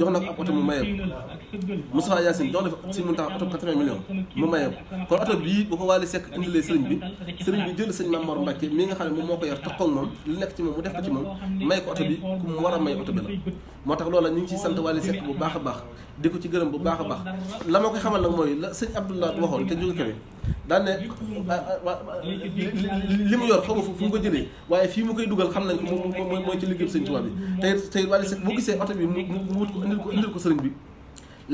jox na ko ab oto mu maye ko Moustapha Yacine jox na ko si Mountakha oto 80 millions mu maye kon oto bii bu ko Wally Seck indilee sëriñ bi sëriñ bi jël sëñ Mamor Mbacke mi nga xam ne moom moo ko yor taxaw moom li nekk ci moom mu def ko ci moom may ko oto bi ku mu war a may oto bi la moo tax loola ñu ngi ciy sant Wally Seck bu baax a baax di ci gërëm bu baax a baax la ma koy xamal nag mooy la sëñ Abdoulaye waxoon te jóge Kébé daan ne li mu yor xaw ma fu mu ko jëlee waaye fii mu koy dugal xam nañ ko moom mooy ci liggéeyu sëñ Tuubaa bi tey tey Wally Seck boo gisee oto bi mu mu wut ko indil ko indil sëriñ bi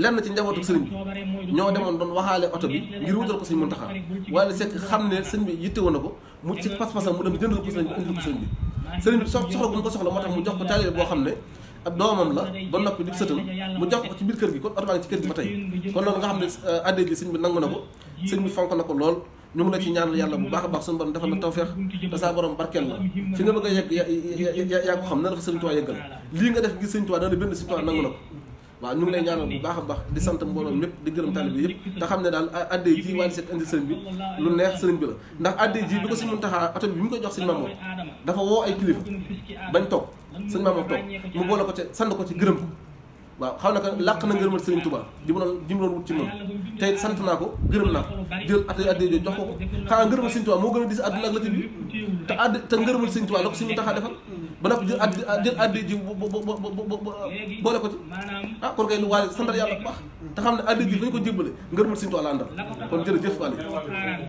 lenn ci njabootu sëriñ bi ñoo demoon doon waxaale oto bi ngir wutal ko sëñ Muntaxa Wally Seck xam ne sëñ bi yitte woon ko mu ci pas-pasam mu dem jëndal ko sëriñ bi sëriñ bi sëriñ soxla gu mu ko soxla moo tax mu jox ko taalibe boo xam ne ab doomam la ba noppi di sëtam mu jox ko ci biir kër gi kon oto baa ci kër gi ba tey kon loolu nga xam ne euh, addee sëñ bi nangu na ko sëñ bi fonk na ko lool ñu ngi la ci ñaanal yàlla bu baax a baax suñu borom defal la tawfeex te saa barkeel la fi nga bëgg a yegg yaa ko xam na dafa sëñ Tuubaa yeggal lii nga def ngir sëñ Tuubaa dana benn sëñ Tuubaa nangu na ko waaw ñu ngi lay ñaanoo bu baax a baax di sant mbooloom ñëpp di gërëm tali bi yëpp te xam ne daal addee ji Wally Seck indi sëriñ bi lu neex sëriñ bi la ndax addee ji bi ko sëñ Muntaxa oto bi bi mu ko jox sëñ Mamour dafa woo ay kilifa bañ toog sëñ Mamour toog mu boole ko ci ko ci gërëm waaw xaw na ko làq na ngërëmal sëriñ Touba ji mu doon ji mu doon wut ci moom te sant naa ko gërëm naa ko jël addee addee jox ko ko xanaa ngërëmal sëriñ Touba moo gën a dis àdduna ak lati bi te add te ngërëmal sëriñ Touba la ko sëñ Muntaxa defal ba noppi jël addi jël addi ji bo bo bo boole ko ci ah kon kay lu waaye santal yàlla bu baax te xam ne addi ji dañ ko jébbale ngërëmal Sëriñ Tuubaa la àndal kon jërëjëf Aliou